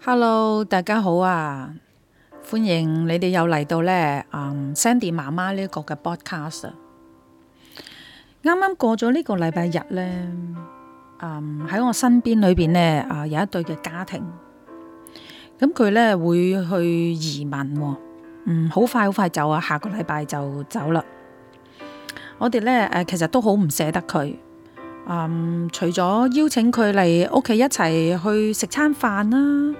Hello，大家好啊！歡迎你哋又嚟到咧，Sandy 媽媽呢個嘅 podcast。啱啱過咗呢個禮拜日咧，嗯，喺我身邊裏邊呢，啊，有一對嘅家庭，咁佢咧會去移民，嗯，好快好快走啊，下個禮拜就走啦。我哋咧，誒，其實都好唔捨得佢，嗯，除咗邀請佢嚟屋企一齊去食餐飯啦。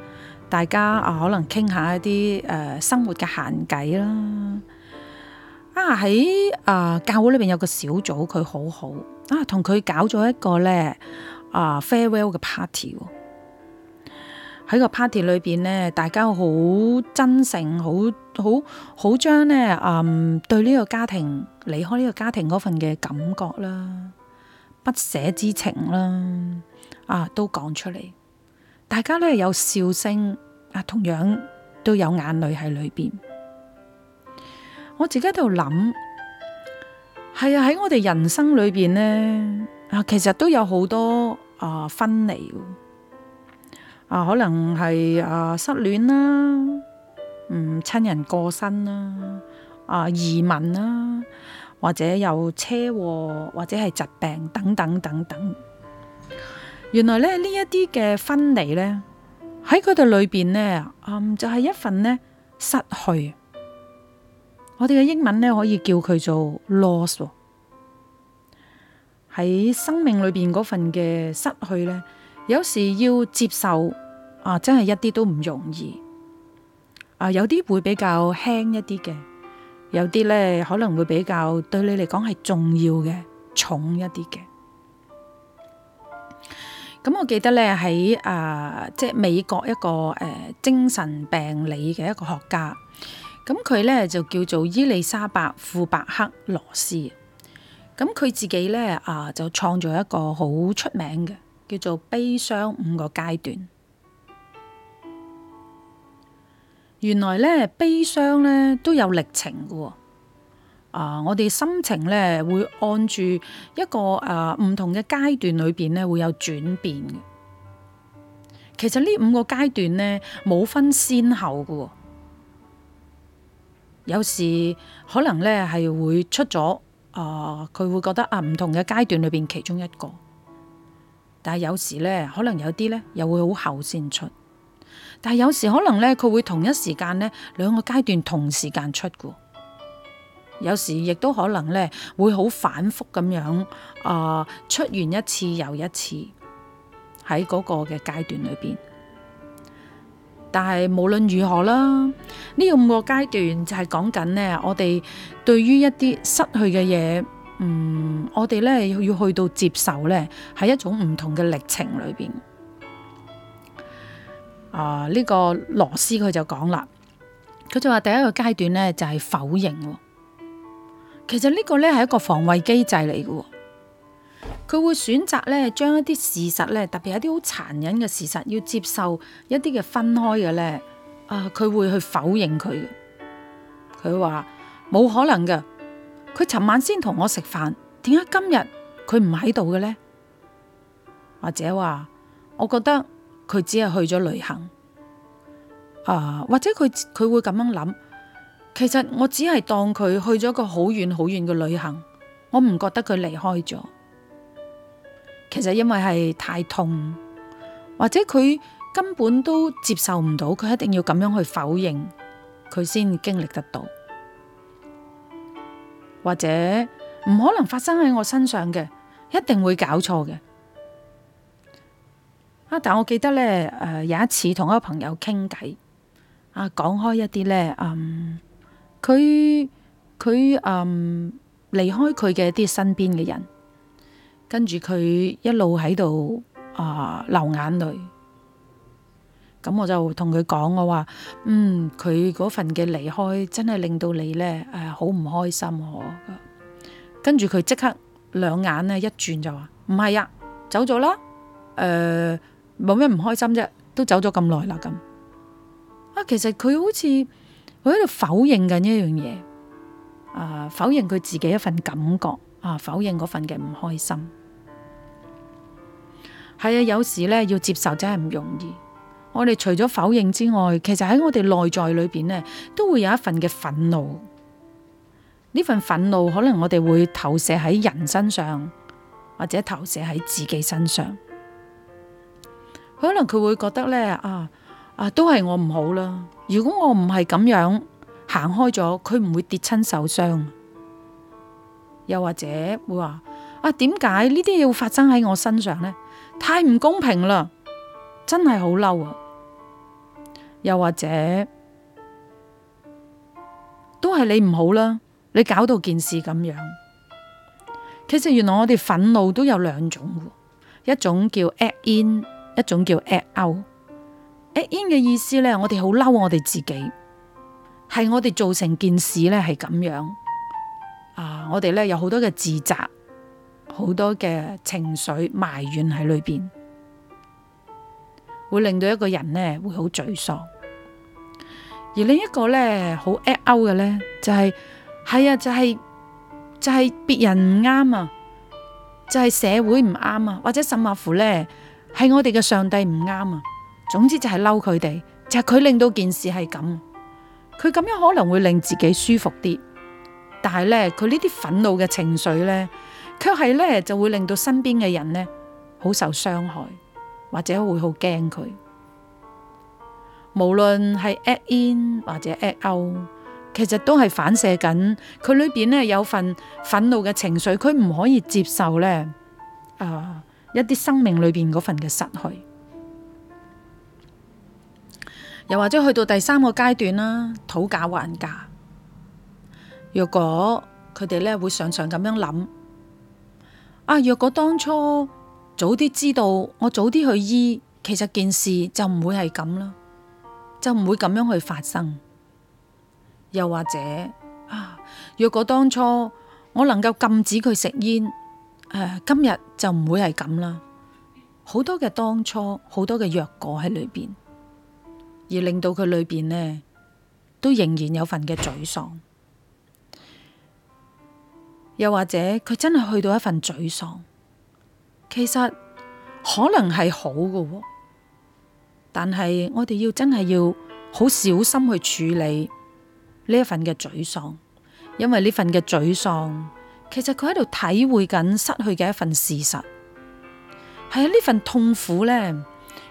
大家啊，可能傾下一啲誒、呃、生活嘅閒偈啦。啊，喺啊、呃、教會裏邊有個小組，佢好好啊，同佢搞咗一個咧啊、呃、farewell 嘅 party。喺個 party 裏邊咧，大家好真誠，好好好將咧，嗯，對呢個家庭離開呢個家庭嗰份嘅感覺啦、不捨之情啦，啊都講出嚟。大家咧有笑聲，啊，同樣都有眼淚喺裏邊。我自己喺度諗，係啊，喺我哋人生裏邊呢，啊，其實都有好多啊分離，啊，可能係啊失戀啦，嗯，親人過身啦，啊，移民啦，或者有車禍，或者係疾病等等等等。原來咧呢一啲嘅分離呢，喺佢哋裏邊呢，嗯、就係、是、一份呢失去。我哋嘅英文呢，可以叫佢做 loss。喺生命裏邊嗰份嘅失去呢，有時要接受啊，真係一啲都唔容易。啊，有啲會比較輕一啲嘅，有啲呢可能會比較對你嚟講係重要嘅，重一啲嘅。咁我記得咧喺啊，即係美國一個誒精神病理嘅一個學家，咁佢咧就叫做伊利沙伯富伯克羅斯，咁佢自己咧啊就創造一個好出名嘅叫做悲傷五個階段，原來咧悲傷咧都有歷程噶。啊！我哋心情咧，會按住一個誒、啊、唔同嘅階段裏邊咧，會有轉變嘅。其實呢五個階段呢，冇分先後嘅。有時可能呢，係會出咗啊，佢會覺得啊，唔同嘅階段裏邊其中一個。但係有時呢，可能有啲呢，又會好後先出。但係有時可能呢，佢會同一時間呢，兩個階段同時間出㗎。有時亦都可能咧，會好反覆咁樣啊，出現一次又一次喺嗰個嘅階段裏邊。但係無論如何啦，呢、呢個、五個階段就係講緊呢：我哋對於一啲失去嘅嘢，嗯，我哋咧要去到接受咧，喺一種唔同嘅歷程裏邊。啊，呢、呢個羅斯佢就講啦，佢就話第一個階段呢，就係否認喎。其實呢個咧係一個防衛機制嚟嘅，佢會選擇咧將一啲事實咧，特別係一啲好殘忍嘅事實，要接受一啲嘅分開嘅咧，啊，佢會去否認佢，佢話冇可能嘅，佢尋晚先同我食飯，點解今日佢唔喺度嘅咧？或者話，我覺得佢只係去咗旅行，啊，或者佢佢會咁樣諗。其實我只係當佢去咗個好遠好遠嘅旅行，我唔覺得佢離開咗。其實因為係太痛，或者佢根本都接受唔到，佢一定要咁樣去否認，佢先經歷得到，或者唔可能發生喺我身上嘅，一定會搞錯嘅。啊！但我記得咧，誒，有一次同一個朋友傾偈，啊，講開一啲咧，嗯。佢佢，嗯，離開佢嘅啲身邊嘅人，跟住佢一路喺度啊流眼淚。咁我就同佢講，我話：嗯，佢嗰份嘅離開真係令到你咧誒好唔開心喎。跟住佢即刻兩眼咧一轉就話：唔係呀，走咗啦。誒冇咩唔開心啫，都走咗咁耐啦咁。啊，其實佢好似～佢喺度否認緊一樣嘢，啊否認佢自己一份感覺，啊否認嗰份嘅唔開心。係啊，有時咧要接受真係唔容易。我哋除咗否認之外，其實喺我哋內在裏邊呢都會有一份嘅憤怒。呢份憤怒可能我哋會投射喺人身上，或者投射喺自己身上。可能佢會覺得咧啊。啊，都係我唔好啦！如果我唔係咁樣行開咗，佢唔會跌親受傷。又或者會話啊，點解呢啲嘢會發生喺我身上呢？太唔公平啦！真係好嬲啊！又或者都係你唔好啦，你搞到件事咁樣。其實原來我哋憤怒都有兩種，一種叫 add in，一種叫 add out。in 嘅意思咧，我哋好嬲我哋自己，係我哋做成件事咧係咁樣啊！我哋咧有好多嘅自責，好多嘅情緒埋怨喺裏邊，會令到一個人咧會好沮喪。而另一個咧好 at 勾嘅咧，就係、是、係啊，就係、是、就係、是、別人唔啱啊，就係、是、社會唔啱啊，或者甚或乎咧係我哋嘅上帝唔啱啊。總之就係嬲佢哋，就係、是、佢令到件事係咁。佢咁樣可能會令自己舒服啲，但係咧，佢呢啲憤怒嘅情緒咧，卻係咧就會令到身邊嘅人咧好受傷害，或者會好驚佢。無論係 add in 或者 add out，其實都係反射緊，佢裏邊咧有份憤怒嘅情緒，佢唔可以接受咧，誒、啊、一啲生命裏邊嗰份嘅失去。又或者去到第三個階段啦，討價還價。若果佢哋咧會常常咁樣諗，啊，若果當初早啲知道，我早啲去醫，其實件事就唔會係咁啦，就唔會咁樣去發生。又或者啊，若果當初我能夠禁止佢食煙，啊，今日就唔會係咁啦。好多嘅當初，好多嘅若果喺裏邊。而令到佢裏邊呢，都仍然有份嘅沮喪，又或者佢真係去到一份沮喪，其實可能係好嘅，但係我哋要真係要好小心去處理呢一份嘅沮喪，因為呢份嘅沮喪，其實佢喺度體會緊失去嘅一份事實，係啊，呢份痛苦呢，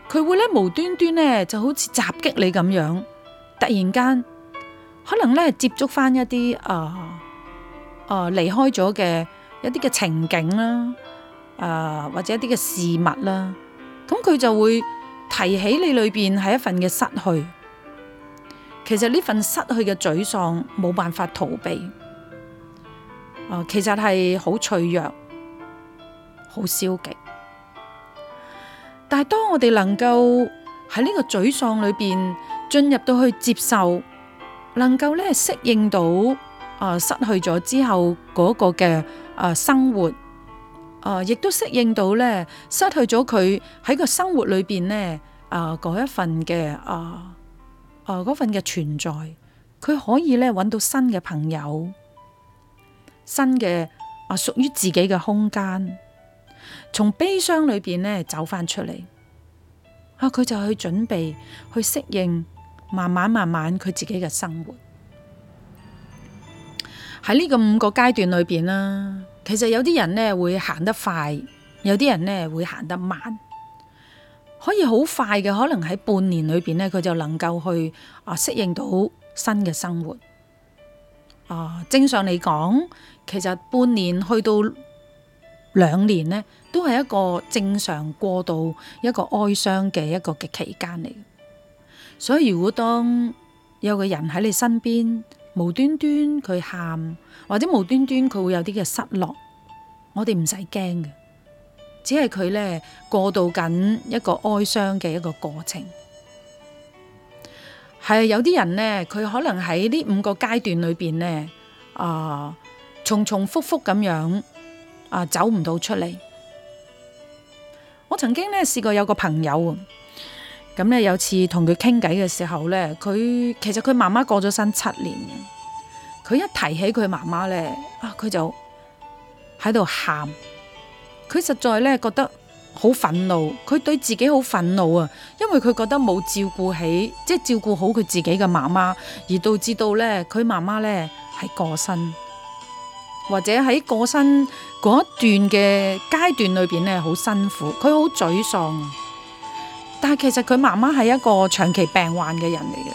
佢會咧無端端咧就好似襲擊你咁樣，突然間可能咧接觸返一啲啊啊離開咗嘅一啲嘅情景啦，啊或者一啲嘅事物啦，咁佢就會提起你裏邊係一份嘅失去。其實呢份失去嘅沮喪冇辦法逃避，啊其實係好脆弱，好消極。但係，當我哋能夠喺呢個沮喪裏邊進入到去接受，能夠咧適應到啊、呃、失去咗之後嗰個嘅啊、呃、生活啊，亦、呃、都適應到咧失去咗佢喺個生活裏邊呢啊嗰、呃、一份嘅啊啊嗰份嘅存在，佢可以咧揾到新嘅朋友，新嘅啊屬於自己嘅空間。從悲傷裏邊呢走翻出嚟，啊佢就去準備去適應，慢慢慢慢佢自己嘅生活。喺呢個五個階段裏邊啦，其實有啲人呢會行得快，有啲人呢會行得慢，可以好快嘅，可能喺半年裏邊呢，佢就能夠去啊適應到新嘅生活。啊，正常嚟講，其實半年去到。兩年呢，都係一個正常過渡一個哀傷嘅一個嘅期間嚟。所以如果當有個人喺你身邊，無端端佢喊，或者無端端佢會有啲嘅失落，我哋唔使驚嘅，只係佢呢過渡緊一個哀傷嘅一個過程。係有啲人呢，佢可能喺呢五個階段裏邊呢，啊，重重複複咁樣。啊，走唔到出嚟。我曾經咧試過有個朋友，咁咧有次同佢傾偈嘅時候咧，佢其實佢媽媽過咗身七年，佢一提起佢媽媽咧，啊，佢就喺度喊，佢實在咧覺得好憤怒，佢對自己好憤怒啊，因為佢覺得冇照顧起，即係照顧好佢自己嘅媽媽，而導致到咧佢媽媽咧係過身。或者喺過身嗰段嘅階段裏邊咧，好辛苦，佢好沮喪。但係其實佢媽媽係一個長期病患嘅人嚟嘅。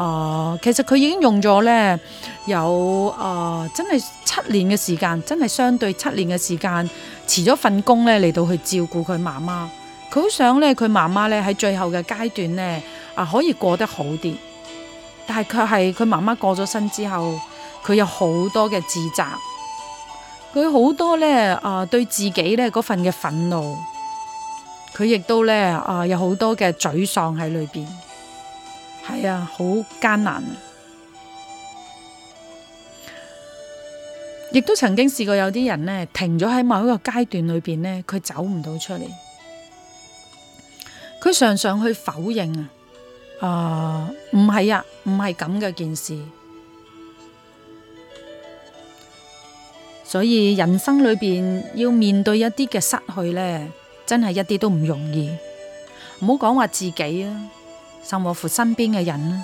啊、呃，其實佢已經用咗咧有啊、呃，真係七年嘅時間，真係相對七年嘅時間辭咗份工咧嚟到去照顧佢媽媽。佢好想咧佢媽媽咧喺最後嘅階段咧啊可以過得好啲，但係佢係佢媽媽過咗身之後。佢有好多嘅自責，佢好多咧啊，對自己咧嗰份嘅憤怒，佢亦都咧啊有好多嘅沮喪喺裏邊，係啊，好艱難啊！亦都曾經試過有啲人咧停咗喺某一個階段裏邊咧，佢走唔到出嚟，佢常常去否認啊，唔係啊，唔係咁嘅件事。所以人生裏邊要面對一啲嘅失去呢，真係一啲都唔容易。唔好講話自己啊，甚至乎身邊嘅人啦，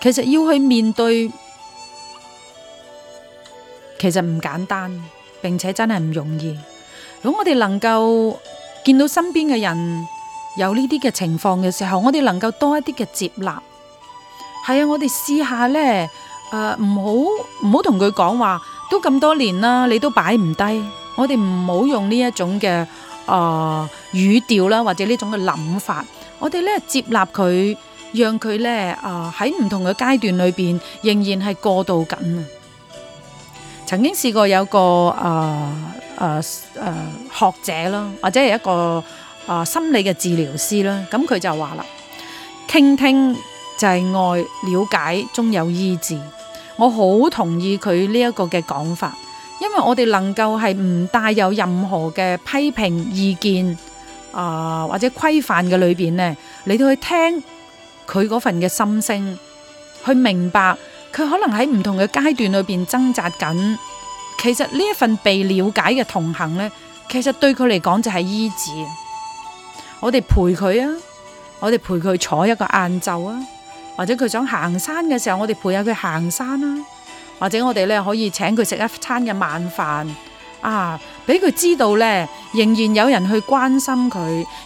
其實要去面對，其實唔簡單，並且真係唔容易。如果我哋能夠見到身邊嘅人有呢啲嘅情況嘅時候，我哋能夠多一啲嘅接納，係啊，我哋試下呢，誒，唔好唔好同佢講話。都咁多年啦，你都擺唔低。我哋唔好用呢一種嘅啊、呃、語調啦，或者呢種嘅諗法。我哋咧接納佢，讓佢咧啊喺唔同嘅階段裏面，仍然係過渡緊啊。曾經試過有個啊、呃呃呃、學者咯，或者係一個啊、呃、心理嘅治療師啦，咁佢就話啦：傾聽就係愛，了解終有醫治。我好同意佢呢一個嘅講法，因為我哋能夠係唔帶有任何嘅批評意見啊、呃，或者規範嘅裏邊咧，你去聽佢嗰份嘅心聲，去明白佢可能喺唔同嘅階段裏邊掙扎緊。其實呢一份被了解嘅同行呢，其實對佢嚟講就係醫治。我哋陪佢啊，我哋陪佢坐一個晏晝啊。或者佢想行山嘅時候，我哋陪下佢行山啦。或者我哋咧可以請佢食一餐嘅晚飯啊，俾佢知道咧仍然有人去關心佢，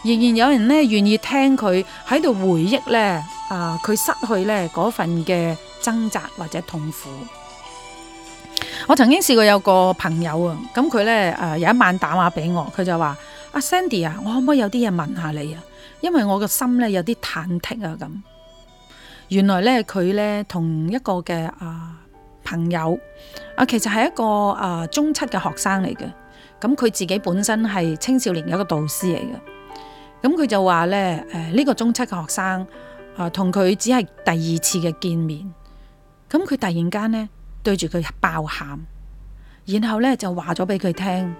仍然有人咧願意聽佢喺度回憶咧啊，佢失去咧嗰份嘅掙扎或者痛苦。我曾經試過有個朋友啊，咁佢咧誒有一晚打電話俾我，佢就話：阿 Sandy 啊，我可唔可以有啲嘢問下你啊？因為我個心咧有啲忐忑啊咁。原來咧，佢咧同一個嘅啊朋友啊，其實係一個啊中七嘅學生嚟嘅。咁、啊、佢自己本身係青少年嘅一個導師嚟嘅。咁、啊、佢就話咧，誒、啊、呢、呢個中七嘅學生啊，同佢只係第二次嘅見面。咁、啊、佢突然間咧對住佢爆喊，然後咧就話咗俾佢聽，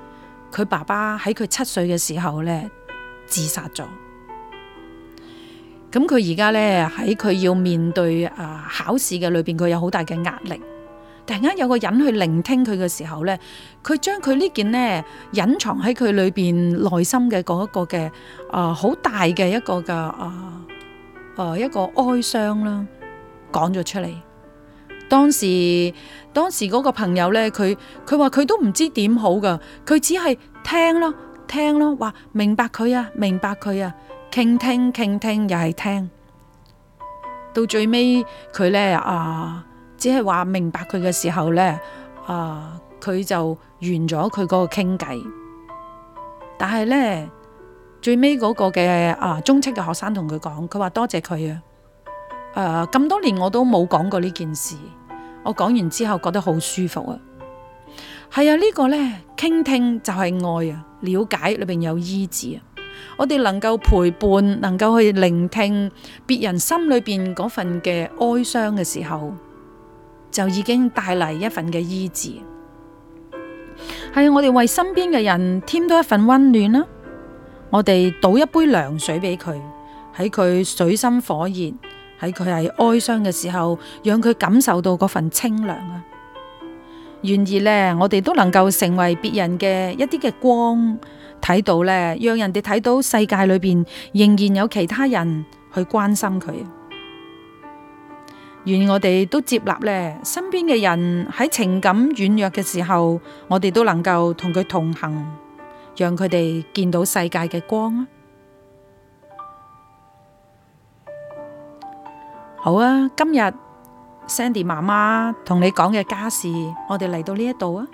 佢爸爸喺佢七歲嘅時候咧自殺咗。咁佢而家咧喺佢要面對啊、呃、考試嘅裏邊，佢有好大嘅壓力。突然間有個人去聆聽佢嘅時候咧，佢將佢呢件呢隱藏喺佢裏邊內心嘅嗰、呃、一個嘅啊好大嘅一個嘅啊啊一個哀傷啦，講咗出嚟。當時當時嗰個朋友咧，佢佢話佢都唔知點好㗎，佢只係聽咯，聽咯，話明白佢啊，明白佢啊。傾聽傾聽又係聽，聽，聽，到最尾佢呢啊，只係話明白佢嘅時候呢，啊，佢、啊、就完咗佢嗰個傾偈。但係呢最尾嗰個嘅啊中七嘅學生同佢講，佢話多謝佢啊，咁多年我都冇講過呢件事。我講完之後覺得好舒服啊。係啊，呢、呢個呢傾聽，聽就係愛啊，了解裏邊有醫治啊。我哋能夠陪伴，能夠去聆聽別人心裏邊嗰份嘅哀傷嘅時候，就已經帶嚟一份嘅醫治。係我哋為身邊嘅人添多一份溫暖啦。我哋倒一杯涼水俾佢，喺佢水深火熱，喺佢係哀傷嘅時候，讓佢感受到嗰份清涼啊。願意呢，我哋都能夠成為別人嘅一啲嘅光。睇到咧，讓人哋睇到世界裏邊仍然有其他人去關心佢。願我哋都接納咧，身邊嘅人喺情感軟弱嘅時候，我哋都能夠同佢同行，讓佢哋見到世界嘅光啊！好啊，今日 Sandy 媽媽同你講嘅家事，我哋嚟到呢一度啊，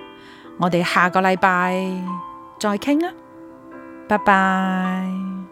我哋下個禮拜再傾啊！拜拜。